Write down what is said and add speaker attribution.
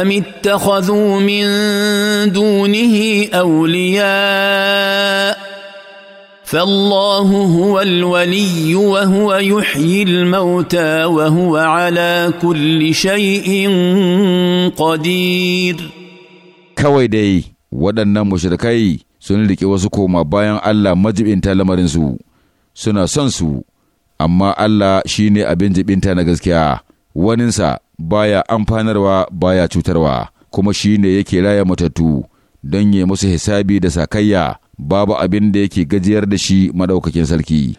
Speaker 1: أم اتخذوا من دونه أولياء فالله هو الولي وهو يحيي الموتى وهو على كل شيء
Speaker 2: قدير kawai dai waɗannan mushrikai
Speaker 3: sun riƙe
Speaker 4: wasu koma bayan Allah majibinta lamarinsu suna son su amma Allah shine abin jibinta na gaskiya waninsa baya amfanarwa baya cutarwa kuma shi ne yake raya matattu don ya musu hisabi da sakayya babu abin da yake gajiyar da shi madaukakin sarki